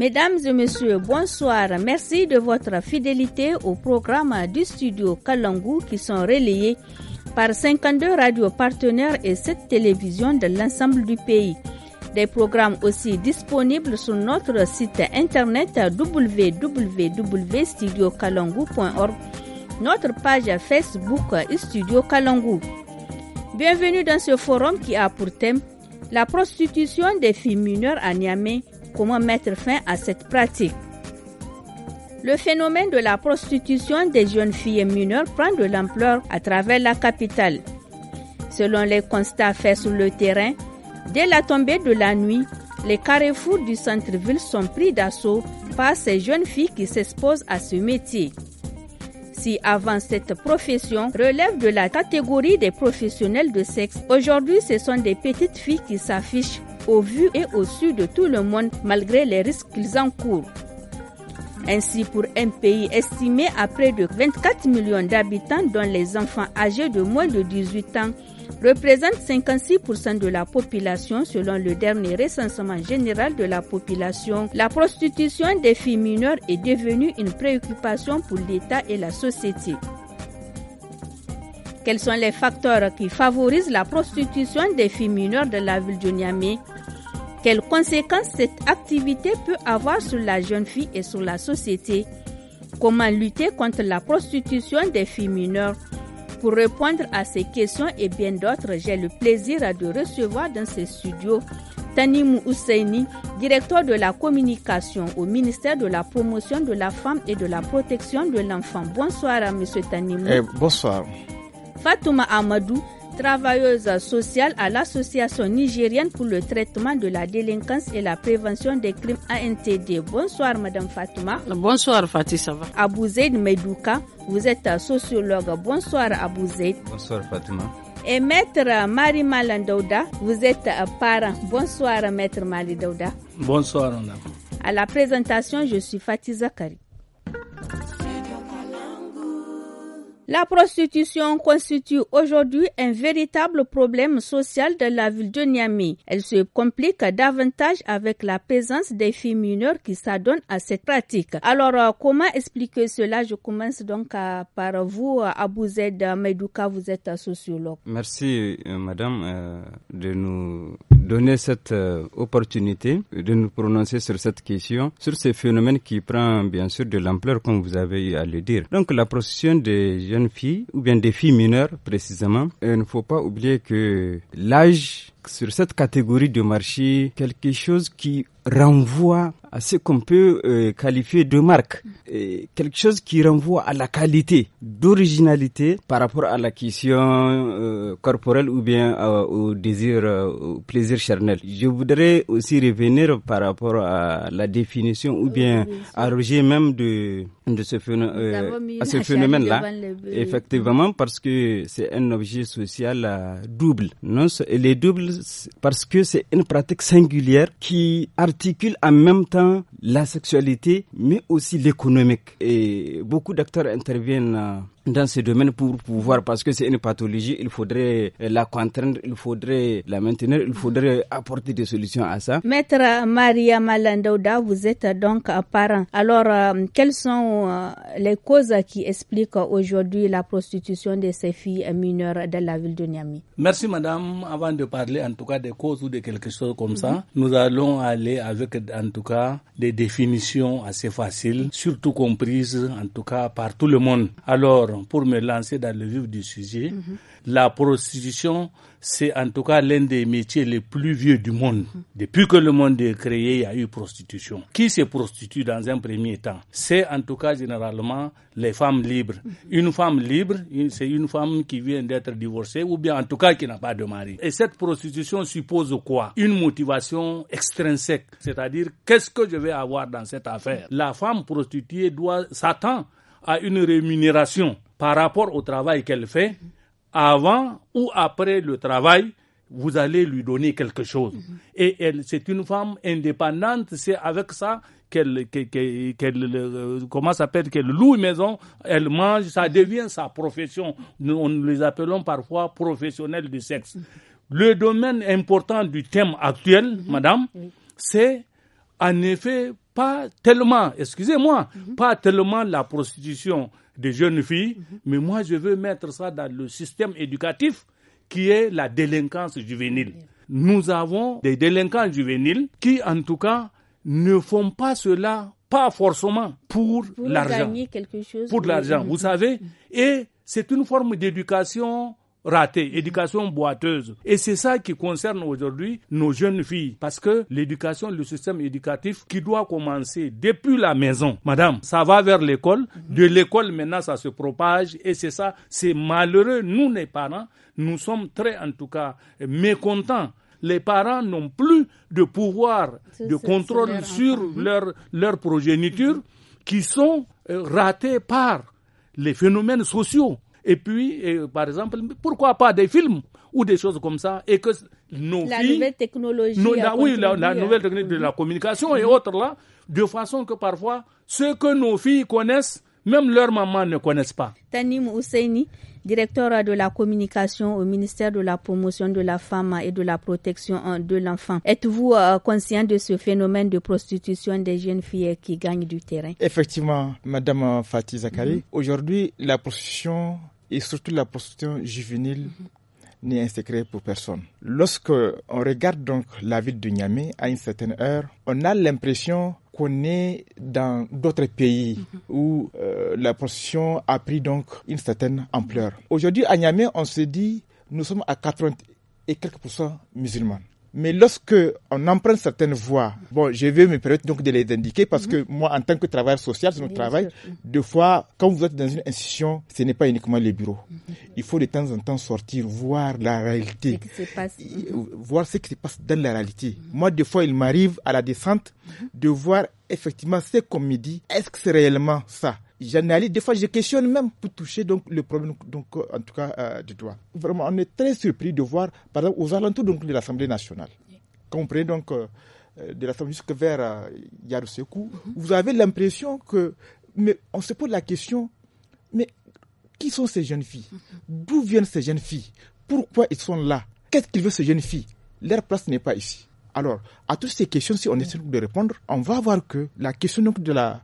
Mesdames et messieurs, bonsoir. Merci de votre fidélité au programme du studio Kalangu qui sont relayés par 52 radios partenaires et 7 télévisions de l'ensemble du pays. Des programmes aussi disponibles sur notre site internet www.studiokalangu.org, notre page Facebook Studio Kalangu. Bienvenue dans ce forum qui a pour thème la prostitution des filles mineures à Niamey Comment mettre fin à cette pratique le phénomène de la prostitution des jeunes filles mineures prend de l'ampleur à travers la capitale. Selon les constats faits sur le terrain, dès la tombée de la nuit, les carrefours du centre-ville sont pris d'assaut par ces jeunes filles qui s'exposent à ce métier. Si avant cette profession relève de la catégorie des professionnels de sexe, aujourd'hui ce sont des petites filles qui s'affichent au vu et au su de tout le monde malgré les risques qu'ils encourent. Ainsi, pour un pays estimé à près de 24 millions d'habitants dont les enfants âgés de moins de 18 ans représentent 56% de la population selon le dernier recensement général de la population, la prostitution des filles mineures est devenue une préoccupation pour l'État et la société. Quels sont les facteurs qui favorisent la prostitution des filles mineures de la ville de Niamey quelles conséquences cette activité peut avoir sur la jeune fille et sur la société Comment lutter contre la prostitution des filles mineures Pour répondre à ces questions et bien d'autres, j'ai le plaisir de recevoir dans ces studios Tanimou Ousseini, directeur de la communication au ministère de la promotion de la femme et de la protection de l'enfant. Bonsoir à M. Tanimou. Eh, bonsoir. Fatouma Amadou, travailleuse sociale à l'Association nigérienne pour le traitement de la délinquance et la prévention des crimes ANTD. Bonsoir, Madame Fatima. Bonsoir, Fatih, ça va Abou Medouka, vous êtes sociologue. Bonsoir, Abou Bonsoir, Fatima. Et maître Marie Malandouda, vous êtes parent. Bonsoir, maître Malandouda. Bonsoir, Anna. À la présentation, je suis Fatih Zakari. La prostitution constitue aujourd'hui un véritable problème social de la ville de Niamey. Elle se complique davantage avec la présence des filles mineures qui s'adonnent à cette pratique. Alors, euh, comment expliquer cela Je commence donc euh, par vous, euh, Abou Zed Medouka, vous êtes sociologue. Merci, madame, de nous donner cette euh, opportunité de nous prononcer sur cette question, sur ces phénomènes qui prend bien sûr de l'ampleur comme vous avez eu à le dire. Donc la procession des jeunes filles ou bien des filles mineures précisément, il euh, ne faut pas oublier que l'âge sur cette catégorie de marché, quelque chose qui renvoie à ce qu'on peut euh, qualifier de marque, euh, quelque chose qui renvoie à la qualité d'originalité par rapport à la question euh, corporelle ou bien au désir, au plaisir charnel. Je voudrais aussi revenir par rapport à la définition ou bien à Roger même de, de ce phénomène, à ce phénomène-là, effectivement, parce que c'est un objet social double. Non, il est double parce que c'est une pratique singulière qui articule en même temps la sexualité, mais aussi l'économique. Et beaucoup d'acteurs interviennent euh, dans ce domaine pour pouvoir, parce que c'est une pathologie, il faudrait la contraindre, il faudrait la maintenir, il faudrait apporter des solutions à ça. Maître Maria Malandouda, vous êtes donc parent. Alors, euh, quelles sont euh, les causes qui expliquent aujourd'hui la prostitution de ces filles mineures dans la ville de Niamey Merci madame. Avant de parler en tout cas des causes ou de quelque chose comme ça, mhm. nous allons aller avec en tout cas des définitions assez faciles, surtout comprises en tout cas par tout le monde. Alors, pour me lancer dans le vif du sujet, la prostitution, c'est en tout cas l'un des métiers les plus vieux du monde. Depuis que le monde est créé, il y a eu prostitution. Qui se prostitue dans un premier temps C'est en tout cas généralement les femmes libres. Une femme libre, c'est une femme qui vient d'être divorcée ou bien en tout cas qui n'a pas de mari. Et cette prostitution suppose quoi Une motivation extrinsèque, c'est-à-dire qu'est-ce que je vais avoir dans cette affaire La femme prostituée doit s'attendre à une rémunération par rapport au travail qu'elle fait, avant ou après le travail, vous allez lui donner quelque chose. Mhm. Et elle, c'est une femme indépendante, c'est avec ça qu'elle, qu'elle, à euh, qu'elle loue maison, elle mange, ça devient sa profession. Nous, on les appelons parfois professionnels du sexe. Mhm. Le domaine important du thème actuel, mhm. madame, c'est en effet pas tellement, excusez-moi, pas tellement la prostitution, des jeunes filles, mhm. mais moi je veux mettre ça dans le système éducatif qui est la délinquance juvénile. Nous avons des délinquants juvéniles qui en tout cas ne font pas cela pas forcément pour l'argent. Pour l'argent, vous savez. Mhm. Et c'est une forme d'éducation raté, éducation boiteuse. Et c'est ça qui concerne aujourd'hui nos jeunes filles. Parce que l'éducation, le système éducatif qui doit commencer depuis la maison. Madame, ça va vers l'école. De l'école, maintenant, ça se propage. Et c'est ça, c'est malheureux. Nous, les parents, nous sommes très, en tout cas, mécontents les parents n'ont plus de pouvoir de contrôle sur leur, leur progéniture qui sont euh, ratés par les phénomènes sociaux. Et puis, par exemple, pourquoi pas des films ou des choses comme ça et que nos la nouvelle technologie oui la, nouvelle technologie de la mhm. communication et mhm. autres là de façon que parfois ce que nos filles connaissent même leurs mamans ne connaissent pas. Tanim directeur de la communication au ministère de la promotion de la femme et de la protection de l'enfant. Êtes-vous euh, conscient de ce phénomène de prostitution des jeunes filles qui gagnent du terrain Effectivement, Madame Fatih Zakari, mhm. aujourd'hui, la prostitution et surtout la prostitution juvénile mhm. n'est insécrée un secret pour personne. Lorsque on regarde donc la ville de Niamey à une certaine heure, on a l'impression qu'on est dans d'autres pays mhm. où euh, la position a pris donc une certaine ampleur. Aujourd'hui, à Niamey, on se dit, nous sommes à 80 et quelques pourcents musulmans. Mais lorsque on emprunte certaines voies, bon, je vais me permettre donc de les indiquer parce que mhm. moi, en tant que travailleur social, c'est mon travail. Deux fois, quand vous êtes dans une institution, ce n'est pas uniquement les bureaux. Mhm. Il faut de temps en temps sortir, voir la réalité, euh, voir ce qui se passe dans la réalité. Mhm. Moi, des fois, il m'arrive à la descente de voir effectivement ce qu'on me dit. Est-ce que c'est réellement ça? j'en des fois je questionne même pour toucher donc, le problème, donc, euh, en tout cas, de euh, du Vraiment, on est très surpris de voir, par exemple, aux alentours de l'Assemblée nationale, quand on prenait donc euh, de l'Assemblée jusqu'à vers euh, vous avez l'impression que, mais on se pose la question, mais qui sont ces jeunes filles mhm. D'où viennent ces jeunes filles Pourquoi ils sont là Qu'est-ce qu'ils veulent ces jeunes filles Leur place n'est pas ici. Alors, à toutes ces questions, si on essaie de répondre, on va voir que la question de la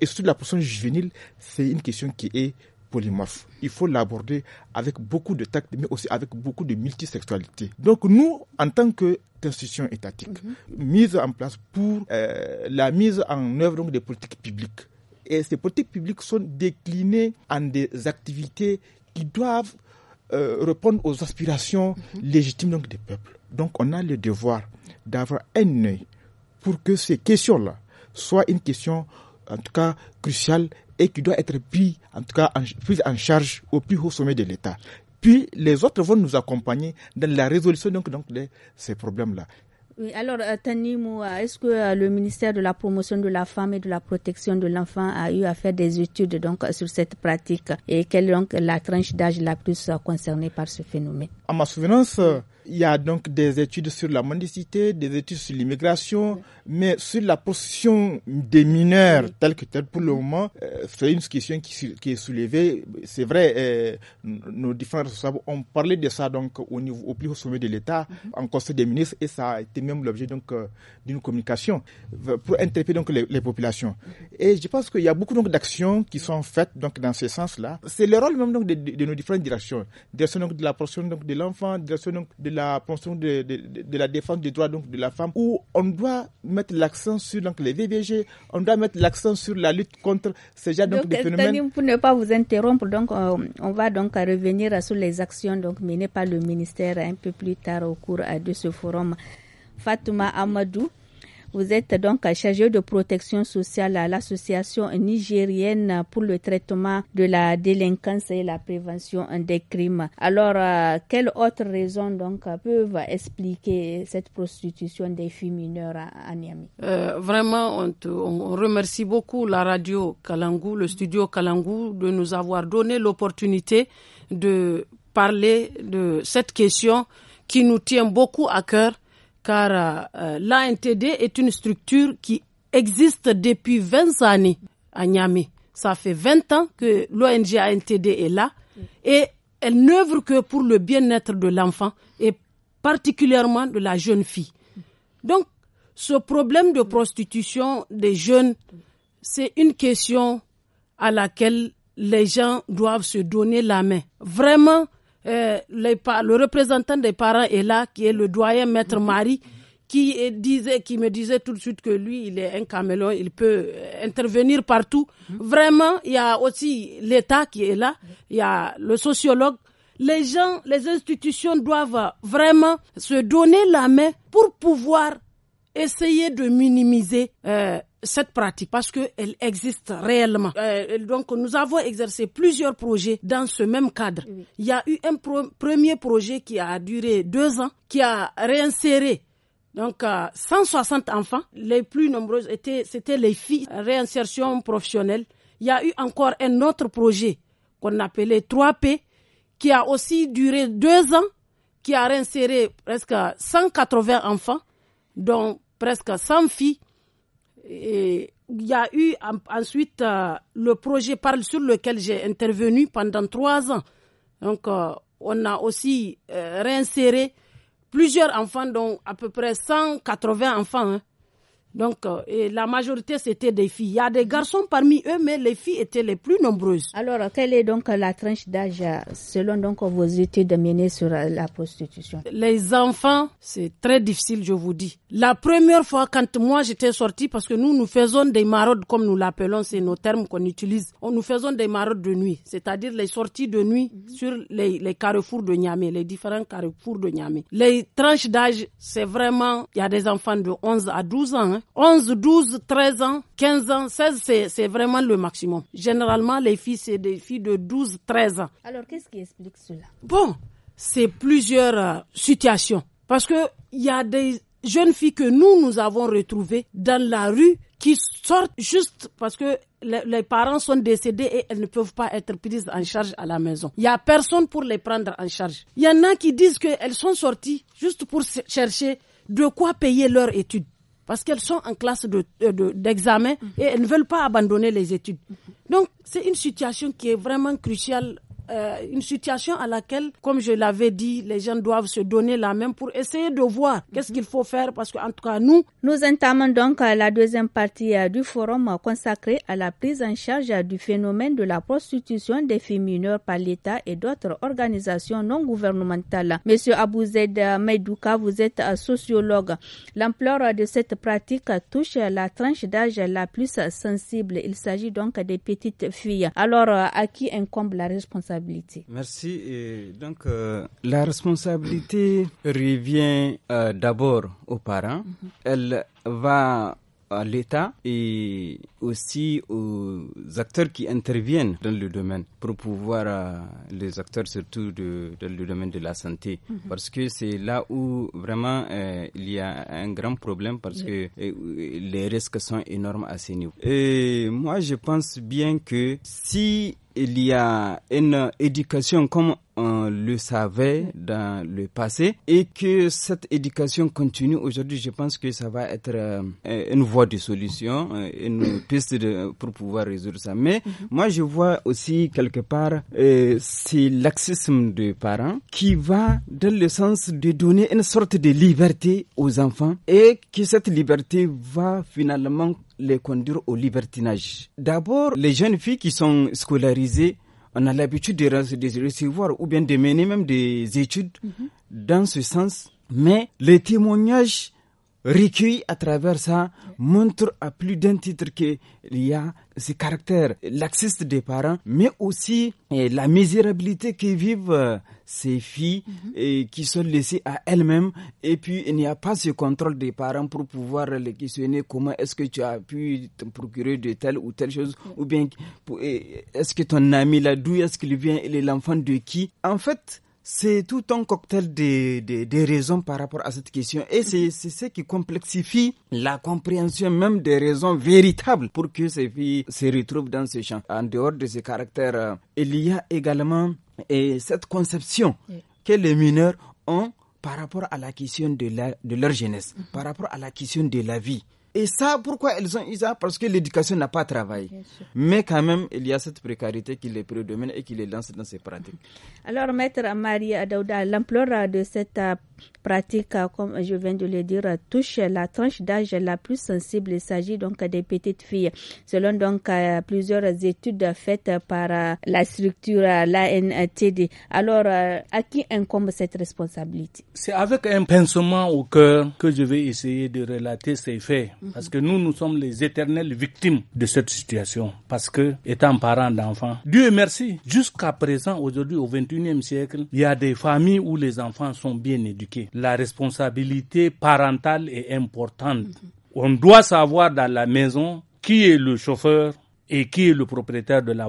et surtout la prostitution juvénile, c'est une question qui est polymorphe. Il faut l'aborder avec beaucoup de tact, mais aussi avec beaucoup de multisexualité. Donc nous, en tant que institution étatique, mhm. mise en place pour euh, la mise en œuvre donc, des politiques publiques. Et ces politiques publiques sont déclinées en des activités qui doivent euh, répondre aux aspirations mhm. légitimes donc, des peuples. Donc on a le devoir d'avoir un œil pour que ces questions-là soient une question en tout cas crucial et qui doit être pris en tout cas en, en charge au plus haut sommet de l'État. Puis les autres vont nous accompagner dans la résolution donc, donc de ces problèmes-là. Oui, alors euh, Tani est-ce que euh, le ministère de la promotion de la femme et de la protection de l'enfant a eu à faire des études donc sur cette pratique et quelle est donc la tranche d'âge la plus euh, concernée par ce phénomène À ma souvenance, il y a donc des études sur la mendicité, des études sur l'immigration, mais sur la position des mineurs tels que telle pour le moment, euh, c'est une question qui, est soulevée. C'est vrai, euh, nos différents responsables ont parlé de ça donc au niveau au plus haut sommet de l'État, mhm. en conseil des ministres, et ça a été même l'objet donc euh, d'une communication pour interpeller donc les, populations. Mhm. Et je pense qu'il y a beaucoup donc d'actions qui sont faites donc dans ce sens-là. C'est le rôle même donc de, nos différentes directions, direction donc de la portion donc de l'enfant, direction donc de la pension de, de, la défense des droits donc, de la femme, où on doit mettre l'accent sur donc, les VVG, on doit mettre l'accent sur la lutte contre ces genre de phénomènes. Pour ne pas vous interrompre, donc, euh, on, va donc revenir sur les actions donc, menées par le ministère un peu plus tard au cours euh, de ce forum. Fatouma Amadou, vous êtes donc chargé de protection sociale à l'association nigérienne pour le traitement de la délinquance et la prévention des crimes. Alors, euh, quelles autres raisons donc peuvent expliquer cette prostitution des filles mineures à, Niamey euh, Vraiment, on, on, remercie beaucoup la radio Kalangou, le studio Kalangou, de nous avoir donné l'opportunité de parler de cette question qui nous tient beaucoup à cœur car euh, l'ANTD est une structure qui existe depuis 20 années à Niamey. Ça fait 20 ans que l'ONG ANTD est là et elle n'œuvre que pour le bien-être de l'enfant et particulièrement de la jeune fille. Donc, ce problème de prostitution des jeunes, c'est une question à laquelle les gens doivent se donner la main. Vraiment, euh, le représentant des parents est là, qui est le doyen Maître mhm. Marie, qui, disait, qui me disait tout de suite que lui, il est un caméléon, il peut euh, intervenir partout. Mhm. Vraiment, il y a aussi l'État qui est là, il y a le sociologue. Les gens, les institutions doivent vraiment se donner la main pour pouvoir essayer de minimiser euh, cette pratique parce qu'elle existe réellement. Euh, donc, nous avons exercé plusieurs projets dans ce même cadre. Il y a eu un premier projet qui a duré deux ans, qui a réinséré donc, 160 enfants. Les plus nombreuses étaient, c'était les filles. Réinsertion professionnelle. Il y a eu encore un autre projet qu'on appelait 3P, qui a aussi duré deux ans, qui a réinséré presque 180 enfants, dont presque 100 filles et il y a eu ensuite euh, le projet Parle sur lequel j'ai intervenu pendant trois ans. Donc, euh, on a aussi euh, réinséré plusieurs enfants, dont à peu près 180 enfants. Hein. Donc, euh, et la majorité, c'était des filles. Il y a des garçons parmi eux, mais les filles étaient les plus nombreuses. Alors, quelle est donc la tranche d'âge selon donc vos études menées sur euh, la prostitution Les enfants, c'est très difficile, je vous dis. La première fois, quand moi j'étais sortie, parce que nous, nous faisons des maraudes, comme nous l'appelons, c'est nos termes qu'on utilise. Nous faisons des maraudes de nuit, c'est-à-dire les sorties de nuit mhm. sur les, les carrefours de Niamey, les différents carrefours de Niamey. Les tranches d'âge, c'est vraiment, il y a des enfants de 11 à 12 ans. Hein. 11, 12, 13 ans, 15 ans, 16, c'est vraiment le maximum. Généralement, les filles, c'est des filles de 12, 13 ans. Alors, qu'est-ce qui explique cela Bon, c'est plusieurs euh, situations. Parce que il y a des jeunes filles que nous, nous avons retrouvées dans la rue qui sortent juste parce que les, parents sont décédés et elles ne peuvent pas être prises en charge à la maison. Il n'y a personne pour les prendre en charge. Il y en a qui disent qu'elles sont sorties juste pour chercher de quoi payer leur étude parce qu'elles sont en classe euh, d'examen de, et elles ne veulent pas abandonner les études. Donc, c'est une situation qui est vraiment cruciale euh, une situation à laquelle, comme je l'avais dit, les gens doivent se donner la main pour essayer de voir qu'est-ce qu'il faut faire parce qu'en tout cas, nous... Nous entamons donc euh, la deuxième partie euh, du forum consacré à la prise en charge du phénomène de la prostitution des filles mineures par l'État et d'autres organisations non gouvernementales. Monsieur Abouzed Meidouka, vous êtes sociologue. L'ampleur de cette pratique touche la tranche d'âge la plus sensible. Il s'agit donc des petites filles. Alors, à qui incombe la responsabilité Merci. donc, euh, la responsabilité revient euh, d'abord aux parents. Mhm. Elle va à l'État et aussi aux acteurs qui interviennent dans le domaine pour pouvoir euh, les acteurs surtout dans le domaine de la santé mhm. parce que c'est là où vraiment il y a un grand problème parce que les risques sont énormes à ces niveau. Et moi je pense bien que si il y a une éducation comme on le savait dans le passé et que cette éducation continue aujourd'hui, je pense que ça va être euh, une voie de solution, euh, une piste pour pouvoir résoudre ça. Mais mhm. moi, je vois aussi quelque part, euh, c'est laxisme des parents qui va dans le sens de donner une sorte de liberté aux enfants et que cette liberté va finalement les conduire au libertinage. D'abord, les jeunes filles qui sont scolarisées, on a l'habitude de, recevoir ou bien de mener même des études mhm. dans ce sens. Mais les témoignages recueillis à travers ça montrent à plus d'un titre qu'il y a ces caractères laxiste des parents, mais aussi eh, la misérabilité que vivent euh, ces filles mhm. et qui sont laissées à elles-mêmes et puis il n'y a pas ce contrôle des parents pour pouvoir les questionner comment est-ce que tu as pu te procurer de telle ou telle chose ou bien est-ce que ton ami là d'où est-ce qu'il vient il est l'enfant de qui en fait c'est tout un cocktail de, raisons par rapport à cette question. Et mhm. c'est ce qui complexifie la compréhension même des raisons véritables pour que ces filles se retrouvent dans ce champ. En dehors de ce caractère, euh, il y a également cette conception que les mineurs ont par rapport à la question de leur jeunesse, mhm. par rapport à la question de la vie. Et ça, pourquoi elles ont eu ça Parce que l'éducation n'a pas travaillé. Mais quand même, il y a cette précarité qui les prédomine et qui les lance dans ces pratiques. Alors, maître Marie Adouda, l'ampleur de cette euh, pratique, euh, comme je viens de le dire, touche la tranche d'âge la plus sensible. Il s'agit donc des petites filles. Selon donc euh, plusieurs études faites par la structure, l'ANTD. Alors, à qui incombe cette responsabilité C'est avec un pincement au cœur que je vais essayer de relater ces faits. Parce que nous, nous sommes les éternelles victimes de cette situation. Parce que, étant parents d'enfants, Dieu merci, jusqu'à présent, aujourd'hui, au 21e siècle, il y a des familles où les enfants sont bien éduqués. La responsabilité parentale est importante. Mhm. On doit savoir dans la maison qui est le chauffeur, et qui est le propriétaire de la,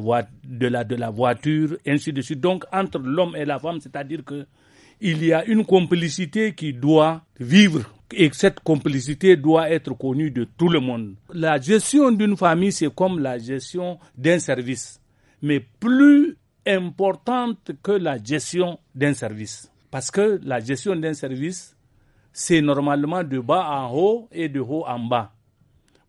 de la voiture, ainsi de suite. Donc, entre l'homme et la femme, c'est-à-dire que il y a une complicité qui doit vivre et cette complicité doit être connue de tout le monde. La gestion d'une famille, c'est comme la gestion d'un service, mais plus importante que la gestion d'un service. Parce que la gestion d'un service, c'est normalement de bas en haut et de haut en bas.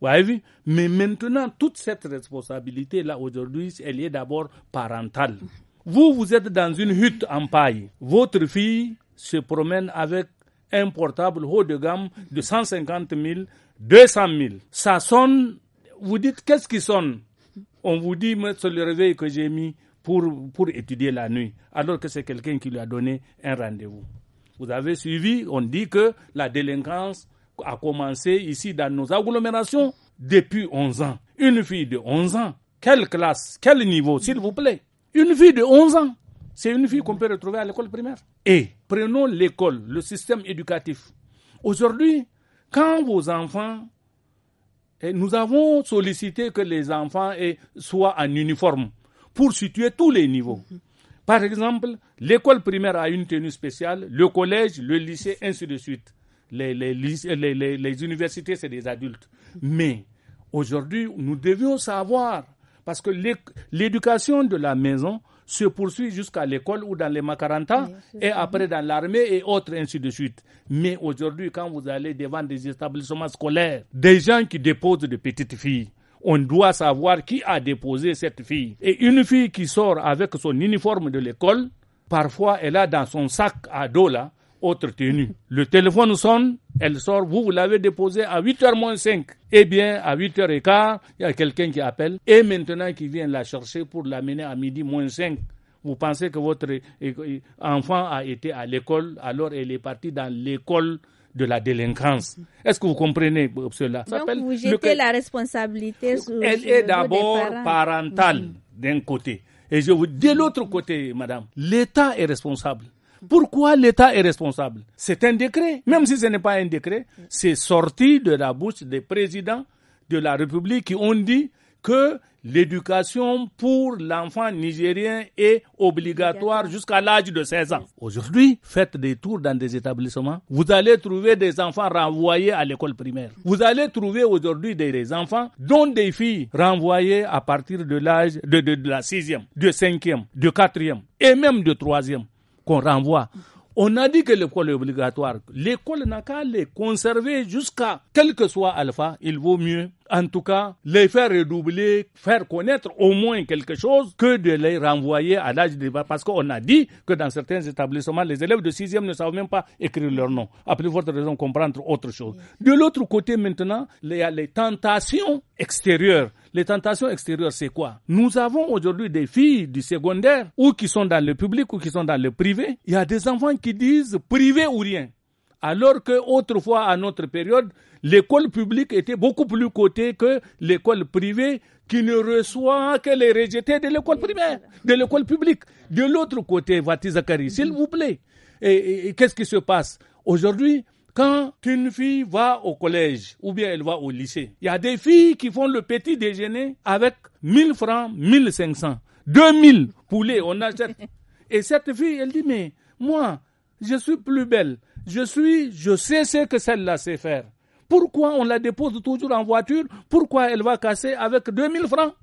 Vous avez Mais maintenant, toute cette responsabilité-là, aujourd'hui, elle est d'abord parentale. Vous, vous êtes dans une hutte en paille. Votre fille se promène avec un portable haut de gamme de 150 000, 200 000. Ça sonne, vous dites qu'est-ce qui sonne On vous dit, mais c'est le réveil que j'ai mis pour, pour étudier la nuit, alors que c'est quelqu'un qui lui a donné un rendez-vous. Vous avez suivi, on dit que la délinquance a commencé ici dans nos agglomérations depuis 11 ans. Une fille de 11 ans, quelle classe, quel niveau, s'il vous plaît Une fille de 11 ans, c'est une fille qu'on peut retrouver à l'école primaire. Et Prenons l'école, le système éducatif. Aujourd'hui, quand vos enfants, eh, nous avons sollicité que les enfants eh, soient en uniforme pour situer tous les niveaux. Par exemple, l'école primaire a une tenue spéciale, le collège, le lycée, ainsi de suite. Les, les universités, c'est des adultes. Mais aujourd'hui, nous devions savoir, parce que l'éducation de la maison, se poursuit jusqu'à l'école ou dans les macaranta et après dans l'armée et autres, ainsi de suite. Mais aujourd'hui, quand vous allez devant des établissements scolaires, des gens qui déposent de petites filles, on doit savoir qui a déposé cette fille. Et une fille qui sort avec son uniforme de l'école, parfois elle a dans son sac à dos là, autre tenue. Le téléphone sonne, elle sort, vous, l'avez déposée à 8h moins 5. Eh bien, à 8h15, il y a quelqu'un qui appelle et maintenant qui vient la chercher pour l'amener à midi moins 5. Vous pensez que votre enfant a été à l'école, alors elle est partie dans l'école de la délinquance. Est-ce que vous comprenez euh, cela Donc, vous jetez la responsabilité sur Elle est d'abord parentale d'un côté. Et je vous dis de l'autre côté, madame, l'État est responsable. Pourquoi l'État est responsable C'est un décret. Même si ce n'est pas un décret, c'est sorti de la bouche des présidents de la République qui ont dit que l'éducation pour l'enfant nigérien est obligatoire jusqu'à l'âge de 16 ans. Aujourd'hui, faites des tours dans des établissements. Vous allez trouver des enfants renvoyés à l'école primaire. Vous allez trouver aujourd'hui des, enfants, dont des filles renvoyées à partir de l'âge de, de, de, la sixième, de cinquième, de quatrième et même de troisième qu'on renvoie. On a dit que l'école est obligatoire. L'école n'a qu'à les conserver jusqu'à quel que soit alpha, il vaut mieux en tout cas, les faire redoubler, faire connaître au moins quelque chose que de les renvoyer à l'âge de Parce qu'on a dit que dans certains établissements, les élèves de 6e ne savent même pas écrire leur nom. À plus forte raison, comprendre autre chose. De l'autre côté, maintenant, il y a les tentations extérieures. Les tentations extérieures, c'est quoi Nous avons aujourd'hui des filles du secondaire ou qui sont dans le public ou qui sont dans le privé. Il y a des enfants qui disent privé ou rien alors que à notre période, l'école publique était beaucoup plus cotée que l'école privée qui ne reçoit que les rejetés de l'école primaire, de l'école publique. De l'autre côté, Vati Zakari, s'il vous plaît. Et, qu'est-ce qui se passe aujourd'hui quand une fille va au collège ou bien elle va au lycée, il y a des filles qui font le petit déjeuner avec 1000 francs, 1500, 2000 poulets, on achète. Et cette fille, elle dit, mais moi, je suis plus belle je suis, je sais ce que celle-là sait faire. Pourquoi on la dépose toujours en voiture Pourquoi elle va casser avec 2000 francs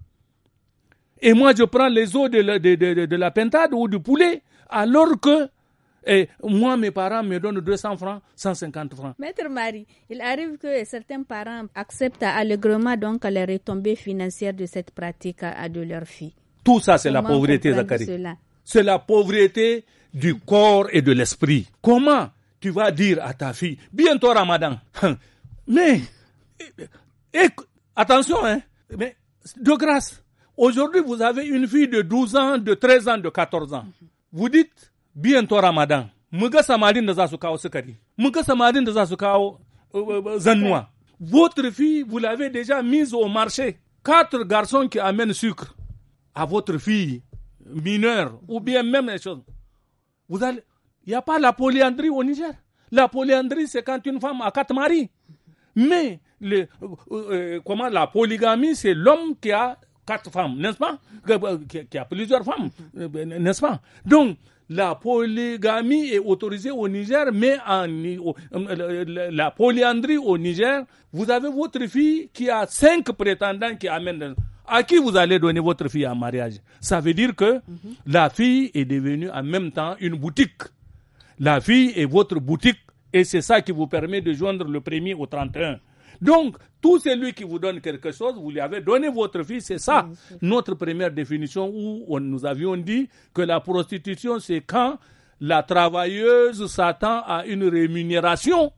Et moi, je prends les os de la, de, pentade ou du poulet, alors que moi, mes parents me donnent 200 francs, 150 francs. Maître Marie, il arrive que certains parents acceptent allègrement donc les retombées financières de cette pratique à de leur fille. Tout ça, c'est la pauvreté, Zachary. C'est la pauvreté du corps et de l'esprit. Comment tu vas dire à ta fille, bientôt Ramadan. Hein. Mais, attention, hein, mais de grâce, aujourd'hui vous avez une fille de 12 ans, de 13 ans, de 14 ans. Vous dites, bientôt Ramadan. Votre fille, vous l'avez déjà mise au marché. Quatre garçons qui amènent sucre à votre fille mineure, ou bien même les choses. Vous allez, il n'y a pas la polyandrie au Niger. La polyandrie, c'est quand une femme a quatre maris. Mais euh, euh, comment la polygamie, c'est l'homme qui a quatre femmes, n'est-ce pas qui, a plusieurs femmes, n'est-ce pas Donc, la polygamie est autorisée au Niger, mais en, la polyandrie au Niger, vous avez votre fille qui a cinq prétendants qui amènent. À qui vous allez donner votre fille en mariage Ça veut dire que mhm. la fille est devenue en même temps une boutique. La vie est votre boutique et c'est ça qui vous permet de joindre le premier au 31. Donc, tout celui qui vous donne quelque chose, vous lui avez donné votre vie, c'est ça notre première définition où nous avions dit que la prostitution, c'est quand la travailleuse s'attend à une rémunération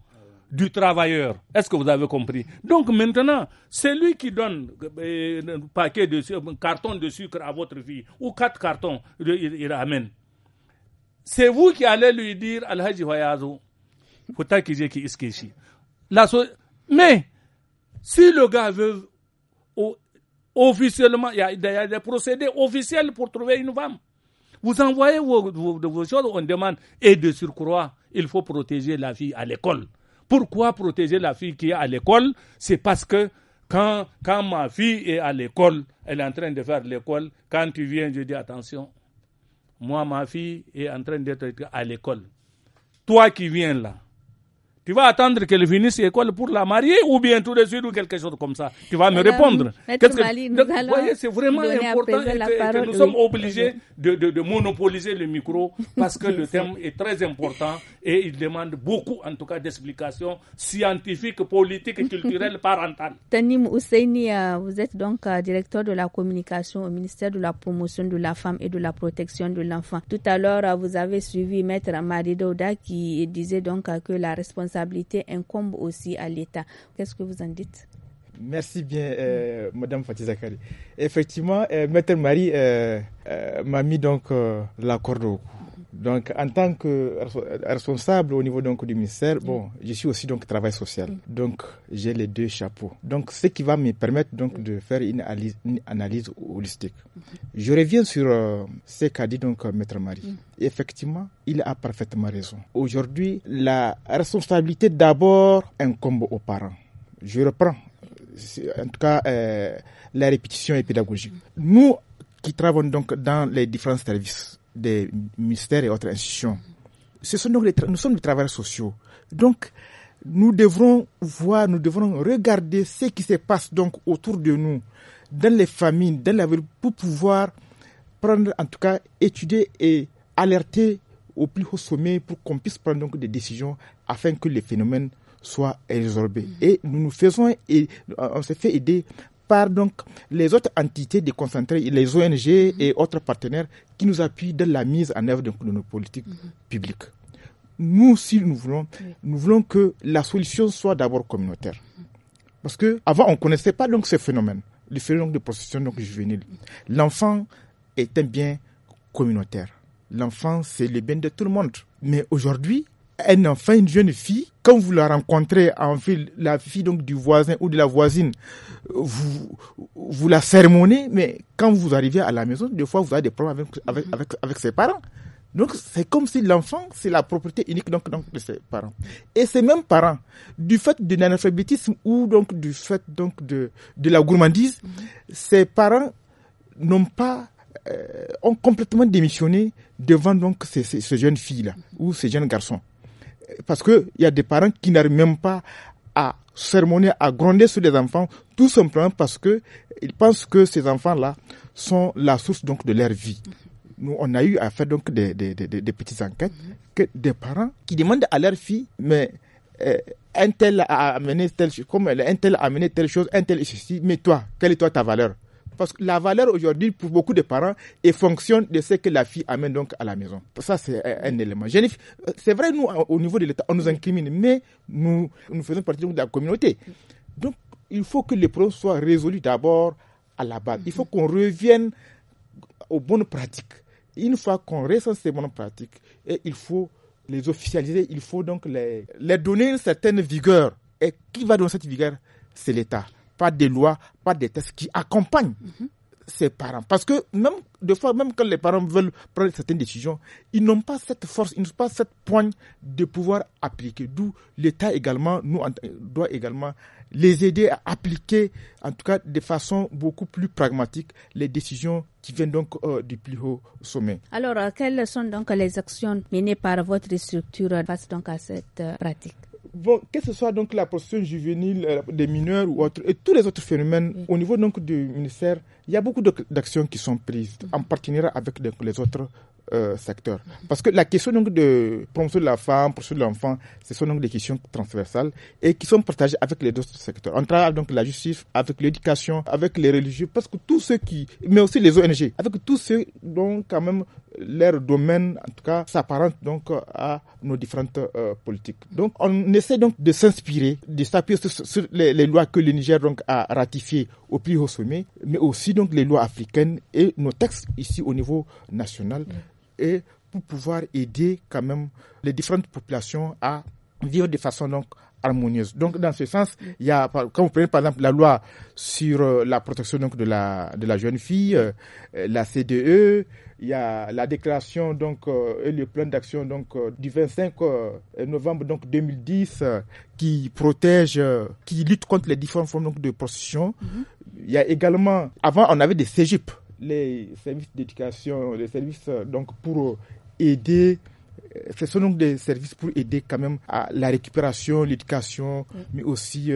du travailleur. Est-ce que vous avez compris Donc maintenant, celui qui donne euh, un paquet de carton de sucre à votre vie ou quatre cartons, il, il ramène c'est vous qui allez lui dire Alhaji Wayazo, faut mais si le gars veut officiellement, il y, a des procédés officiels pour trouver une femme. Vous envoyez vos, vos, choses, on demande, et de surcroît, il faut protéger la fille à l'école. Pourquoi protéger la fille qui est à l'école C'est parce que quand, quand ma fille est à l'école, elle est en train de faire l'école, quand tu viens, je dis attention, moi, ma fille est en train d'être à l'école. Toi qui viens là, tu vas attendre qu'elle finisse l'école pour la marier ou bien tout de suite ou quelque chose comme ça. Tu vas me répondre. ce que... c'est vraiment important que, nous sommes obligés de, de, monopoliser le micro parce que le thème est très important et il demande beaucoup, en tout cas, d'explications scientifiques, politiques, culturelles, parentales. Tanim Ousseini, euh, vous êtes donc euh, directeur de la communication au ministère de la promotion de la femme et de la protection de l'enfant. Tout à l'heure, euh, vous avez suivi Maître Marie Douda qui disait donc que la responsabilité responsabilité incombe aussi à l'État. Qu'est-ce que vous en dites Merci bien, Mme euh, Madame Fatih Effectivement, euh, Marie euh, euh, m'a mis donc l'accord au cou. Donc, en tant que responsable au niveau donc du ministère, bon, mm. je suis aussi donc travail social. Mm. Donc, j'ai les deux chapeaux. Donc, ce qui va me permettre donc mm. de faire une analyse, holistique. Je reviens sur euh, ce qu'a dit donc euh, Maître Marie. Effectivement, il a parfaitement raison. Aujourd'hui, la responsabilité d'abord incombe aux parents. Je reprends. En tout cas, euh, la répétition est pédagogique. Nous qui travaillons donc dans les différents services, des ministères et autres institutions. Ce sont donc nous sommes des travailleurs sociaux. Donc, nous devrons voir, nous devrons regarder ce qui se passe donc autour de nous, dans les familles, dans la ville, pour pouvoir prendre, en tout cas, étudier et alerter au plus haut sommet pour qu'on puisse prendre donc des décisions afin que les phénomènes soient résorbés. Mm. Et nous nous faisons, et euh, on s'est fait aider par donc les autres entités déconcentrées, les ONG mhm. et autres partenaires qui nous appuient dans la mise en œuvre de, nos politiques mhm. publiques. Nous, aussi, nous voulons, nous voulons que la solution soit d'abord communautaire. Parce que avant, on ne connaissait pas donc ce phénomène, le phénomène de possession donc juvénile. L'enfant est un bien communautaire. L'enfant, c'est le bien de tout le monde. Mais aujourd'hui, un enfant, une jeune fille, quand vous la rencontrez en ville, la fille donc du voisin ou de la voisine, vous, vous la sermonnez, mais quand vous arrivez à la maison, des fois vous avez des problèmes avec, mhm. avec, avec, ses parents. Donc c'est comme si l'enfant, c'est la propriété unique donc, donc, de ses parents. Et ces mêmes parents, du fait de l'analphabétisme ou donc du fait donc de, de la gourmandise, mhm. ces parents n'ont pas euh, ont complètement démissionné devant donc ces, ces jeunes filles-là mhm. ou ces jeunes garçons parce qu'il y a des parents qui n'arrivent même pas à sermonner, à gronder sur des enfants, tout simplement parce qu'ils pensent que ces enfants-là sont la source donc de leur vie. Nous, on a eu à faire donc des, petites enquêtes que des parents qui demandent à leur fille, mais euh, un tel a amené telle chose, comme un tel a amené telle chose, un tel mais toi, quelle est toi ta valeur parce que la valeur aujourd'hui, pour beaucoup de parents, est fonction de ce que la fille amène donc à la maison. Ça, c'est un élément. Euh, c'est vrai, nous, au niveau de l'État, on nous incrimine, mais nous, nous faisons partie de la communauté. Donc, il faut que les problèmes soient résolus d'abord à la base. Il faut mhm. qu'on revienne aux bonnes pratiques. Une fois qu'on recense ces bonnes pratiques, il faut les officialiser, il faut donc les, les donner une certaine vigueur. Et qui va donner cette vigueur C'est l'État pas des lois, pas des tests qui accompagnent mhm. ces parents. Parce que même des fois, même quand les parents veulent prendre certaines décisions, ils n'ont pas cette force, ils n'ont pas cette poigne de pouvoir appliquer. D'où l'État également, nous, euh, doit également les aider à appliquer, en tout cas de façon beaucoup plus pragmatique, les décisions qui viennent donc euh, du plus haut sommet. Alors, euh, quelles sont donc les actions menées par votre structure face donc à cette pratique Bon, que ce soit donc la prostitution juvénile euh, des mineurs ou autres, et tous les autres phénomènes, au niveau donc du ministère, il y a beaucoup d'actions qui sont prises mm. en partenariat avec les autres euh, secteur Parce que la question donc de promotion de la femme, promotion de l'enfant, ce sont donc des questions transversales et qui sont partagées avec les autres secteurs. On travaille donc la justice, avec l'éducation, avec les religieux, parce que tous ceux qui, mais aussi les ONG, avec tous ceux dont quand même leur domaine, en tout cas, s'apparente donc à nos différentes euh, politiques. Donc, on essaie donc de s'inspirer, de s'appuyer sur, les, lois que le Niger donc a ratifiées au plus haut sommet, mais aussi donc les lois africaines et nos textes ici au niveau national. Mm et pour pouvoir aider quand même les différentes populations à vivre de façon donc harmonieuse. Donc dans ce sens, il y a quand vous prenez par exemple la loi sur euh, la protection donc de la de la jeune fille, euh, la CDE, il y a la déclaration donc euh, et le plan d'action donc du 25 novembre donc 2010 qui protège qui lutte contre les différentes formes de prostitution. Mm-hmm. Il y a également avant on avait des CEGIP les services d'éducation, les services euh, donc pour euh, aider euh, ce sont donc des services pour aider quand même à la récupération, l'éducation, mm. mais aussi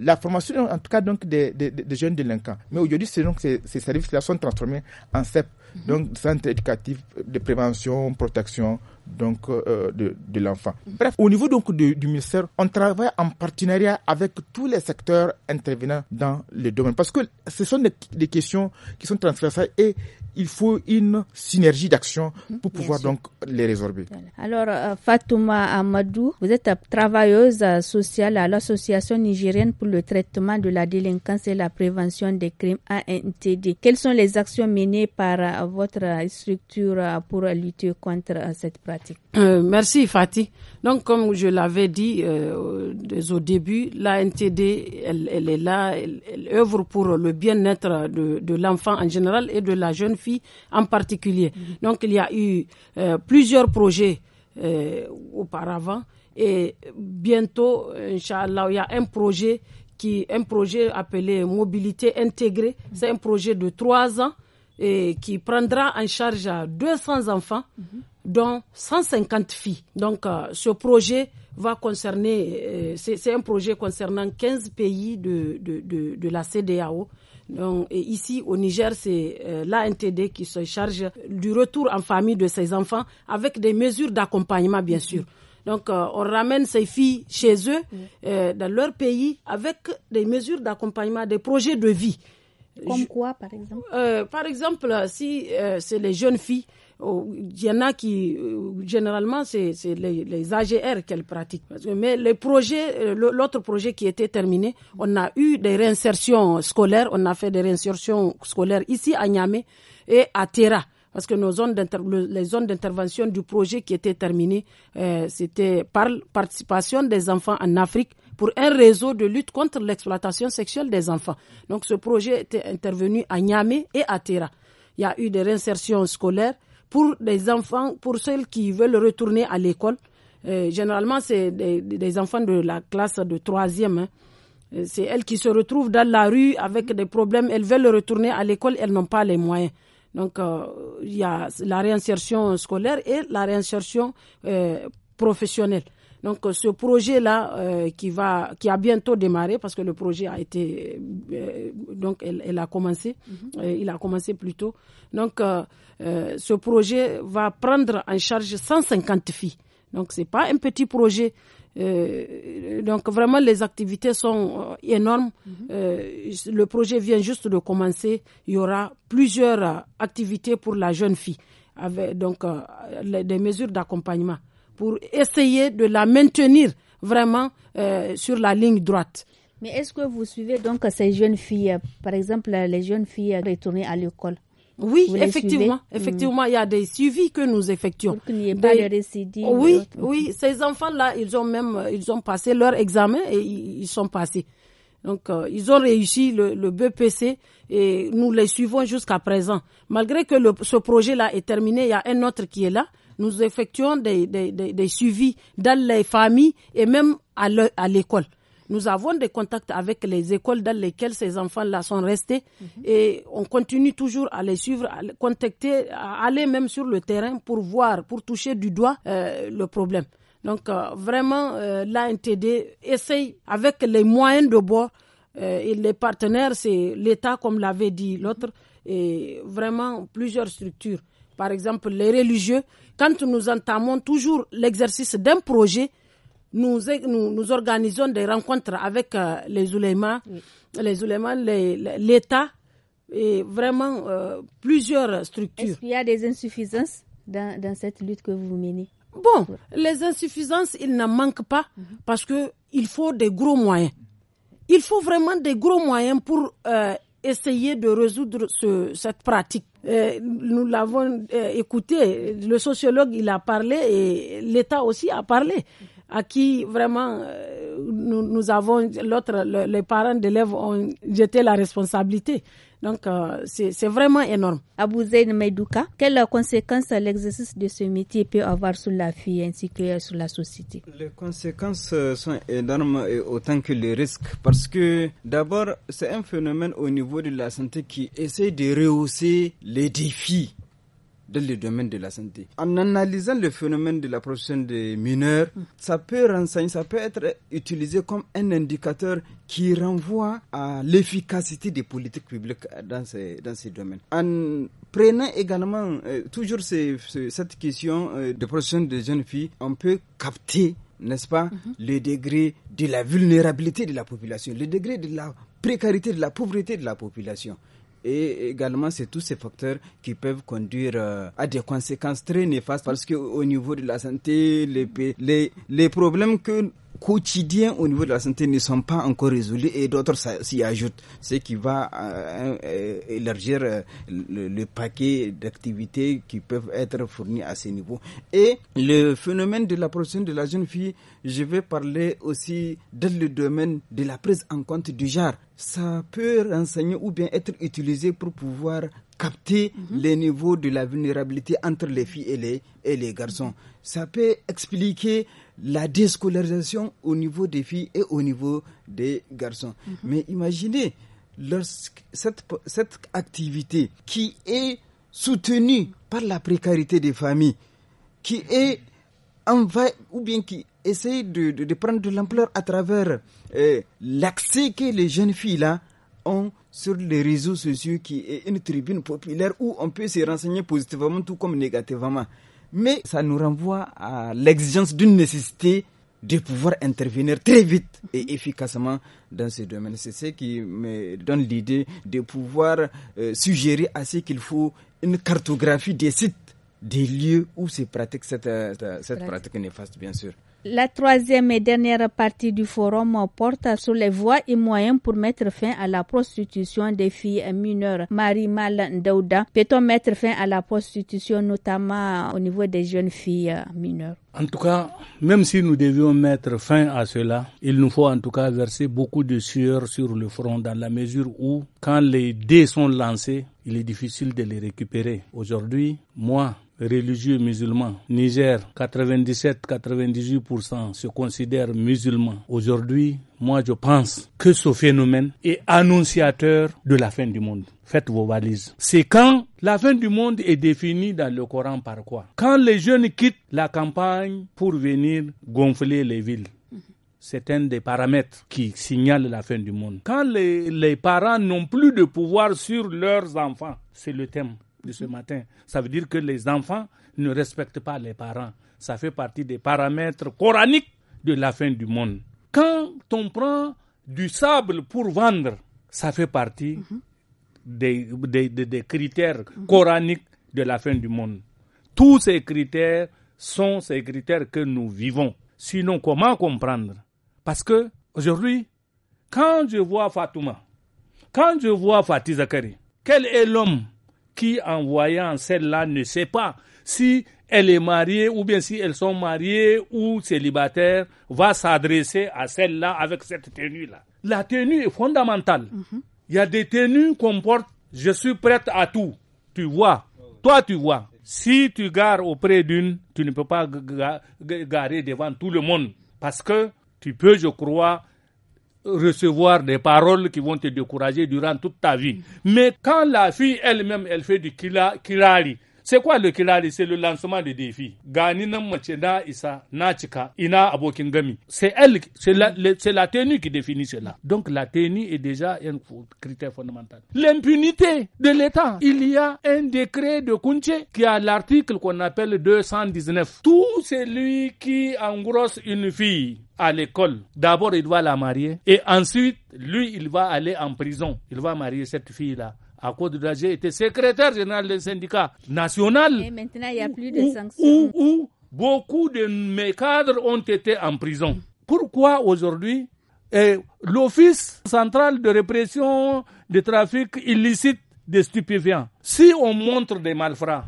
la formation, en tout cas donc des, des, jeunes délinquants. Mais aujourd'hui, c'est donc ces, ces services-là sont transformés en CEP, Mm-hmm. Donc, centre éducatif de prévention, protection euh, de, de l'enfant. Mm-hmm. Bref, au niveau du, ministère, on travaille en partenariat avec tous les secteurs intervenants dans le domaine parce que ce sont des questions qui sont transversales et il faut une synergie d'action hmm, pour pouvoir donc les résorber. Alors, euh, Fatouma Amadou, vous êtes travailleuse euh, sociale à l'Association nigérienne pour le traitement de la délinquance et la prévention des crimes ANTD. Quelles sont les actions menées par euh, votre structure pour lutter contre cette pratique Merci Fatih. Donc, comme je l'avais dit au début, l'ANTD, elle, elle est là, elle, œuvre pour le bien-être de l'enfant en général et de la jeune fille en particulier. Donc il y a eu euh, plusieurs projets euh, auparavant et bientôt, Inch'Allah, il y a un projet qui un projet appelé mobilité intégrée. C'est un projet de trois ans et qui prendra en charge 200 enfants, dont 150 filles. Donc, euh, ce projet va concerner, c'est un projet concernant 15 pays de, de la CDAO donc, ici, au Niger, c'est euh, l'ANTD qui se charge du retour en famille de ces enfants avec des mesures d'accompagnement, bien sûr. Donc, euh, on ramène ces filles chez eux, euh, dans leur pays, avec des mesures d'accompagnement, des projets de vie. Comme quoi, par exemple Par exemple, si c'est les jeunes filles, il y en a qui, euh, généralement, c'est les, les, AGR qu'elles pratiquent. Mais euh, le projet, l'autre projet qui était terminé, on a eu des réinsertions scolaires, on a fait des réinsertions scolaires ici à Niamey et à Terra parce que nos zones les zones d'intervention du projet qui était terminé, euh, c'était par participation des enfants en Afrique pour un réseau de lutte contre l'exploitation sexuelle des enfants. Donc ce projet était intervenu à Niamey et à Terra. Il y a eu des réinsertions scolaires, pour des enfants, pour celles qui veulent retourner à l'école. Euh, généralement, c'est des, enfants de la classe de troisième. Hein. Euh, c'est elles qui se retrouvent dans la rue avec des problèmes. Elles veulent retourner à l'école, elles n'ont pas les moyens. Donc, euh, il y a la réinsertion scolaire et la réinsertion professionnelle. Donc euh, ce projet-là euh, qui va, qui a bientôt démarré parce que le projet a été, euh, donc elle, a commencé, mhm. il a commencé plus tôt. Donc ce projet va prendre en charge 150 filles. Donc n'est pas un petit projet. donc vraiment les activités sont énormes. Mhm. le projet vient juste de commencer. Il y aura plusieurs activités pour la jeune fille avec donc des mesures d'accompagnement pour essayer de la maintenir vraiment euh, sur la ligne droite. Mais est-ce que vous suivez donc ces jeunes filles, par exemple les jeunes filles retournées à l'école oui, effectivement, hmm. effectivement, il y a des suivis que nous effectuons. Pour qu'il n'y ait pas de récidive. Oui, oui, ces enfants-là, ils ont même, ils ont passé leur examen et ils sont passés. Donc, euh, ils ont réussi le, le, BPC et nous les suivons jusqu'à présent. Malgré que le, ce projet-là est terminé, il y a un autre qui est là nous effectuons des, des, des, suivis dans les familles et même à l'école. Nous avons des contacts avec les écoles dans lesquelles ces enfants-là sont restés mhm. et on continue toujours à les suivre, à les contacter, à aller même sur le terrain pour voir, pour toucher du doigt euh, le problème. Donc euh, vraiment, euh, l'ANTD essaye avec les moyens de bois et les partenaires, c'est l'État comme l'avait dit l'autre, et vraiment plusieurs structures par exemple les religieux, quand nous entamons toujours l'exercice d'un projet, nous, nous, organisons des rencontres avec euh, les oulémas, les l'État et vraiment euh, plusieurs structures. Est-ce qu'il y a des insuffisances dans, cette lutte que vous menez Bon, les insuffisances, il n'en manque pas mhm. parce qu'il faut des gros moyens. Il faut vraiment des gros moyens pour euh, essayer de résoudre cette pratique. Euh, nous l'avons euh, écouté, le sociologue il a parlé et l'État aussi a parlé à qui vraiment euh, nous, avons, l'autre, les parents d'élèves ont jeté la responsabilité. Donc, euh, c'est vraiment énorme. Abou Zayn quelles conséquences l'exercice de ce métier peut avoir sur la fille ainsi que sur la société Les conséquences euh, sont énormes autant que les risques. Parce que d'abord, c'est un phénomène au niveau de la santé qui essaie de rehausser les défis dans le domaine de la santé. En analysant le phénomène de la profession des mineurs, ça peut ça peut être utilisé comme un indicateur qui renvoie à l'efficacité des politiques publiques dans ces, dans ces domaines. En prenant également euh, toujours cette question euh, de profession des jeunes filles, on peut capter n'est-ce pas, mhm. le degré de la vulnérabilité de la population, le degré de la précarité, de la pauvreté de la population. Et également, c'est tous ces facteurs qui peuvent conduire euh, à des conséquences très néfastes parce que qu'au niveau de la santé, les, les, les problèmes que quotidiens au niveau de la santé ne sont pas encore résolus et d'autres s'y ajoutent, ce qui va euh, euh, élargir euh, le, paquet d'activités qui peuvent être fournies à ces niveaux. Et le phénomène de la protection de la jeune fille, je vais parler aussi dans le domaine de la prise en compte du genre. Ça peut renseigner ou bien être utilisé pour pouvoir capter mhm. les niveaux de la vulnérabilité entre les filles et les, et les garçons. Ça peut expliquer la déscolarisation au niveau des filles et au niveau des garçons. Mhm. Mais imaginez lorsque cette, cette activité qui est soutenue par la précarité des familles, qui est en vain ou bien qui essaie de, de, prendre de l'ampleur à travers euh, l'accès que les jeunes filles là ont sur les réseaux sociaux qui est une tribune populaire où on peut se renseigner positivement tout comme négativement. Mais ça nous renvoie à l'exigence d'une nécessité de pouvoir intervenir très vite et efficacement dans ce domaine. C'est ce qui me donne l'idée de pouvoir euh, suggérer à ce qu'il faut une cartographie des sites, des lieux où se pratique cette, euh, cette pratique néfaste, bien sûr. La troisième et dernière partie du forum porte sur les voies et moyens pour mettre fin à la prostitution des filles mineures. Marie-Mal peut-on mettre fin à la prostitution, notamment au niveau des jeunes filles mineures En tout cas, même si nous devions mettre fin à cela, il nous faut en tout cas verser beaucoup de sueur sur le front dans la mesure où, quand les dés sont lancés, il est difficile de les récupérer. Aujourd'hui, moi, religieux musulmans. Niger, 97-98% se considèrent musulmans. Aujourd'hui, moi je pense que ce phénomène est annonciateur de la fin du monde. Faites vos valises. C'est quand la fin du monde est définie dans le Coran par quoi Quand les jeunes quittent la campagne pour venir gonfler les villes. C'est un des paramètres qui signale la fin du monde. Quand les, les parents n'ont plus de pouvoir sur leurs enfants, c'est le thème de ce matin. Ça veut dire que les enfants ne respectent pas les parents. Ça fait partie des paramètres coraniques de la fin du monde. Quand on prend du sable pour vendre, ça fait partie des, des, critères coraniques de la fin du monde. Tous ces critères sont ces critères que nous vivons. Sinon, comment comprendre Parce que aujourd'hui, quand je vois Fatouma, quand je vois Fatih Zakari, quel est l'homme qui, en voyant celle-là, ne sait pas si elle est mariée ou bien si elles sont mariées ou célibataires, va s'adresser à celle-là avec cette tenue-là. La tenue est fondamentale. Mhm. Il y a des tenues qu'on porte, je suis prête à tout. Tu vois, toi tu vois. Si tu gares auprès d'une, tu ne peux pas garer devant tout le monde parce que tu peux, je crois, recevoir des paroles qui vont te décourager durant toute ta vie. Mais quand la fille elle-même, elle fait du kilari c'est quoi le kirari C'est le lancement defi gani isa na ina abokin c'est la, tenue qui définit cela donc la tenue est déjà un critère fondamental l'impunité de l'état il y a un décret de Kunche qui a l'article qu'on appelle 219 tout celui qui engrosse une fille à l'école. D'abord, il doit la marier et ensuite, lui, il va aller en prison. Il va marier cette fille-là à cause de était secrétaire général des syndicat national. maintenant, il n'y a plus de beaucoup de mes cadres ont été en prison. Pourquoi aujourd'hui l'Office central de répression des trafics illicites des stupéfiants, si on montre des malfrats,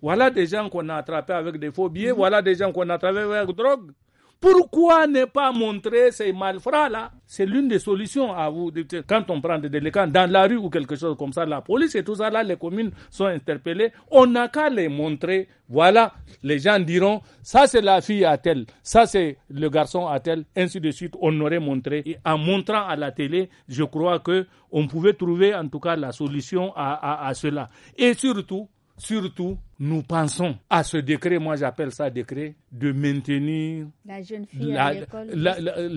voilà des gens qu'on a attrapés avec des faux billets, mm-hmm. voilà des gens qu'on a attrapés avec des drogues. Pourquoi ne pas montrer ces malfrats-là C'est l'une des solutions à vous. Quand on prend des délégants dans la rue ou quelque chose comme ça, la police et tout ça, là, les communes sont interpellées. On n'a qu'à les montrer. Voilà, les gens diront, ça c'est la fille à tel, ça c'est le garçon à tel, ainsi de suite. On aurait montré. Et en montrant à la télé, je crois que on pouvait trouver en tout cas la solution à cela. Et surtout, surtout, nous pensons à ce décret, moi j'appelle ça décret, de maintenir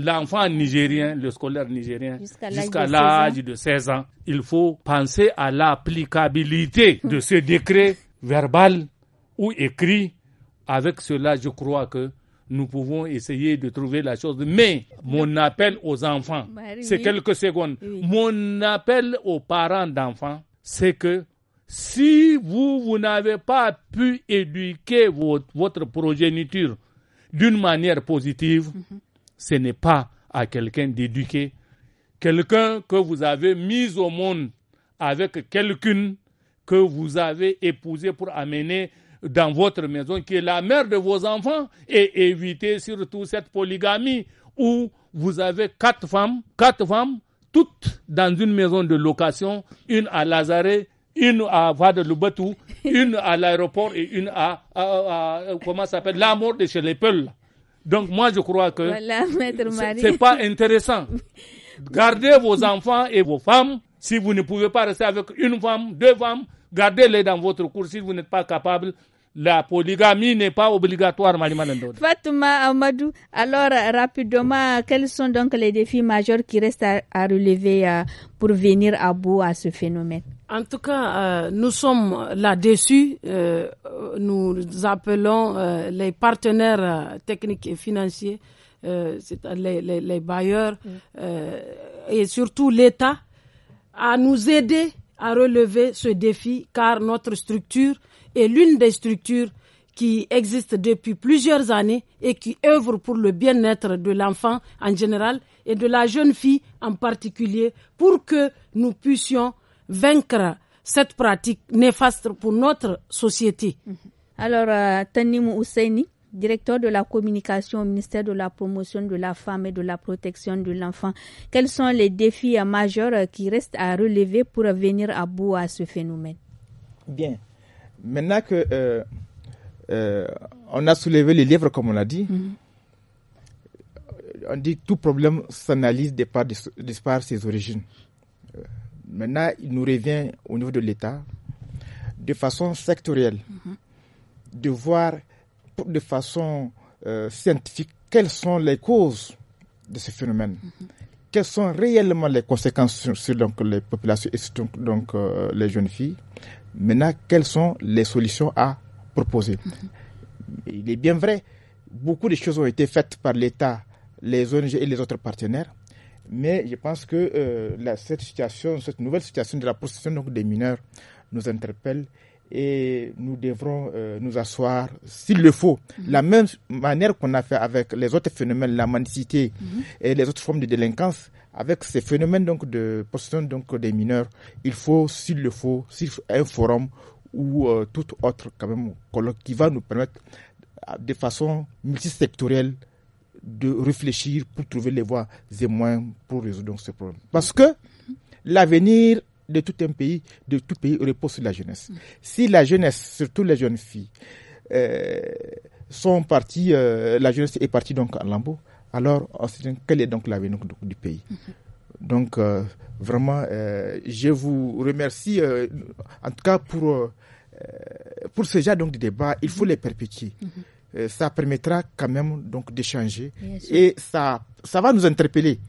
l'enfant nigérien, le scolaire nigérien, jusqu'à l'âge de, de 16 ans. Il faut penser à l'applicabilité de ce décret verbal ou écrit. Avec cela, je crois que nous pouvons essayer de trouver la chose. Mais mon appel aux enfants, c'est quelques secondes. Mon appel aux parents d'enfants, c'est que si vous, vous n'avez pas pu éduquer votre, progéniture d'une manière positive, mhm. ce n'est pas à quelqu'un d'éduquer. Quelqu'un que vous avez mis au monde avec quelqu'une que vous avez épousée pour amener dans votre maison, qui est la mère de vos enfants, et éviter surtout cette polygamie où vous avez quatre femmes, quatre femmes, toutes dans une maison de location, une à Lazare, une à Guadeloupe, une à l'aéroport et une à, à, comment s'appelle, de chez les Donc moi je crois que ce c'est pas intéressant. Gardez vos enfants et vos femmes. Si vous ne pouvez pas rester avec une femme, deux femmes, gardez-les dans votre cours si vous n'êtes pas capable la polygamie n'est pas obligatoire, Fatma Amadou, alors rapidement, quels sont donc les défis majeurs qui restent à, relever euh, pour venir à bout à ce phénomène En tout cas, euh, nous sommes là-dessus. Euh, nous appelons les partenaires techniques et financiers, les, les, les, bailleurs mm. et surtout l'État à nous aider à relever ce défi car notre structure est l'une des structures qui existe depuis plusieurs années et qui œuvre pour le bien-être de l'enfant en général et de la jeune fille en particulier pour que nous puissions vaincre cette pratique néfaste pour notre société. Mm-hmm. Alors, euh, Tanim directeur de la communication au ministère de la promotion de la femme et de la protection de l'enfant, quels sont les défis majeurs qui restent à relever pour venir à bout à ce phénomène Bien, Maintenant que euh, euh, on a soulevé les livres, comme on l'a dit, mhm. on dit que tout problème s'analyse de par, ses origines. Euh, maintenant, il nous revient au niveau de l'État, de façon sectorielle, mhm. de voir de façon scientifique quelles sont les causes de ce phénomène. Mhm. quelles sont réellement les conséquences sur, les populations et sur, donc, les jeunes filles Maintenant, quelles sont les solutions à proposer mhm. Il est bien vrai, beaucoup de choses ont été faites par l'État, les ONG et les autres partenaires, mais je pense que euh, cette situation, cette nouvelle situation de la prostitution des mineurs nous interpelle et nous devrons euh, nous asseoir, s'il le faut, mhm. la même manière qu'on a fait avec les autres phénomènes, la manicité mhm. et les autres formes de délinquance, avec ces phénomènes donc de possession donc des mineurs, il faut, s'il le faut, un forum ou euh, tout autre quand même colloque qui va nous permettre euh, de façon multisectorielle de réfléchir pour trouver les voies et moyens pour résoudre ce problème. Parce que l'avenir de tout un pays, de tout pays repose sur la jeunesse. Si la jeunesse, surtout les jeunes filles, euh, sont parties, la jeunesse est partie donc à Lambeau, alors oh, quelle est donc l'avenir du pays mm-hmm. Donc, euh, vraiment, euh, je vous remercie, euh, en tout cas pour, euh, pour ce genre donc, de débat, il faut mm-hmm. les perpétuer. Mm-hmm. ça permettra quand même donc d'échanger et ça, ça va nous interpeller.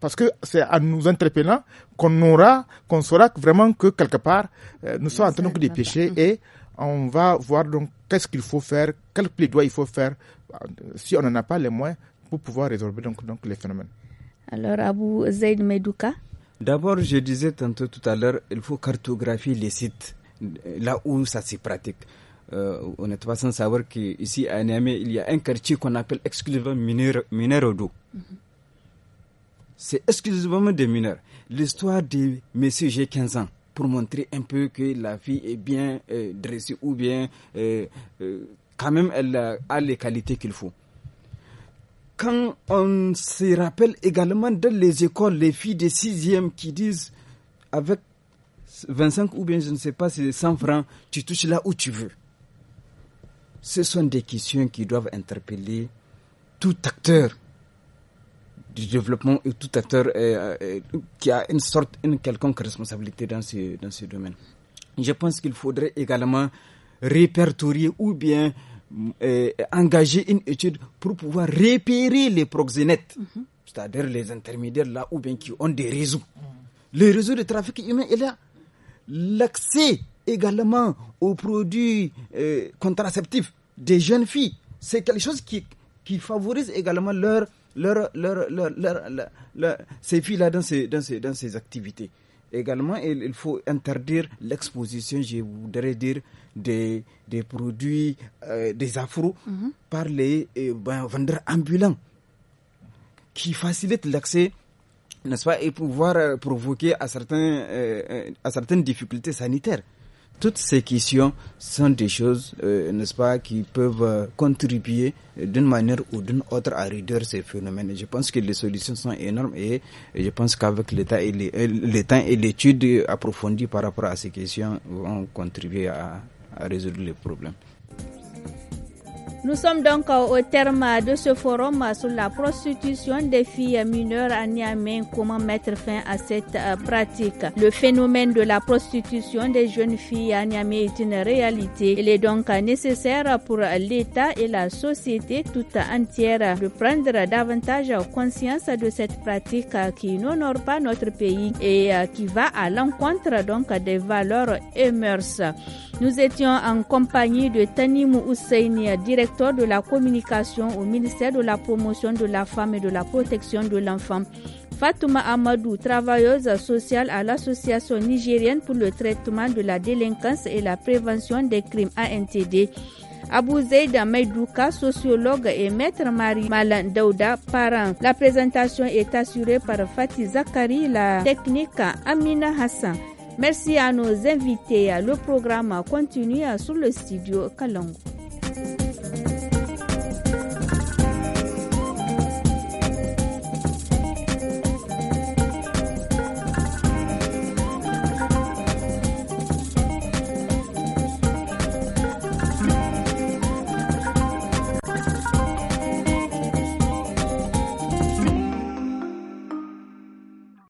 parce que c'est en nous interpellant qu'on aura, qu'on saura vraiment que quelque part, nous sommes en train de pécher et on va voir donc qu'est-ce qu'il faut faire, quel plaidoyer il faut faire, si on n'en a pas les moyens, pour pouvoir résoudre donc, donc les phénomènes. Alors, Abou Zaid Medouka D'abord, je disais tantôt tout à l'heure, il faut cartographier les sites, là où ça se pratique. on n'est pas sans savoir qu'ici à Niamey, il y a un quartier qu'on appelle exclusivement mineur, mineur d'eau. Mhm. C'est exclusivement des mineurs. L'histoire de monsieur, j'ai 15 ans pour montrer un peu que la fille est bien euh, dressée ou bien euh, euh, quand même elle a, les qualités qu'il faut. Quand on se rappelle également dans les écoles, les filles de 6 qui disent avec 25 ou bien je ne sais pas, c'est 100 francs, tu touches là où tu veux. Ce sont des questions qui doivent interpeller tout acteur du développement et tout acteur euh, euh, qui a une sorte, une quelconque responsabilité dans ce, dans ce domaine. Je pense qu'il faudrait également répertorier ou bien euh, engager une étude pour pouvoir repérer les proxénètes, mhm. c'est-à-dire les intermédiaires là ou bien qui ont des réseaux. Le réseau de trafic humain est là. L'accès également aux produits contraceptifs des jeunes filles, c'est quelque chose qui, qui favorise également leur leur, ces filles-là dans ces, dans, ces, dans ces activités. Également, il, faut interdire l'exposition, je voudrais dire, des, des produits, euh, des afro mhm. par les euh, ben, vendeurs ambulants qui facilitent l'accès n'est-ce pas, et pouvoir euh, provoquer à, certains, à certaines difficultés sanitaires toutes ces questions sont des choses, euh, n'est-ce pas, qui peuvent euh, contribuer euh, d'une manière ou d'une autre à réduire ces phénomènes. je pense que les solutions sont énormes et, je pense qu'avec l'État et l'étude approfondie par rapport à ces questions vont contribuer à résoudre les problèmes. Nous sommes donc au terme de ce forum sur la prostitution des filles mineures à Niamey. Comment mettre fin à cette euh, pratique Le phénomène de la prostitution des jeunes filles à Niamey est une réalité. Il est donc nécessaire pour l'État et la société toute entière de prendre davantage conscience de cette pratique qui n'honore pas notre pays et euh, qui va à l'encontre donc des valeurs et mœurs. Nous étions en compagnie de Tanim Ousseini, directeur directeur de la communication au ministère de la promotion de la femme et de la protection de l'enfant. Fatouma Amadou, travailleuse sociale à l'Association nigérienne pour le traitement de la délinquance et la prévention des crimes ANTD. Abou Zeida Meidouka, sociologue et maître Marie Malan Daouda, parent. La présentation est assurée par Fatih Zakari, la technique Amina Hassan. Merci à nos invités. Le programme continue sur le studio Kalongo.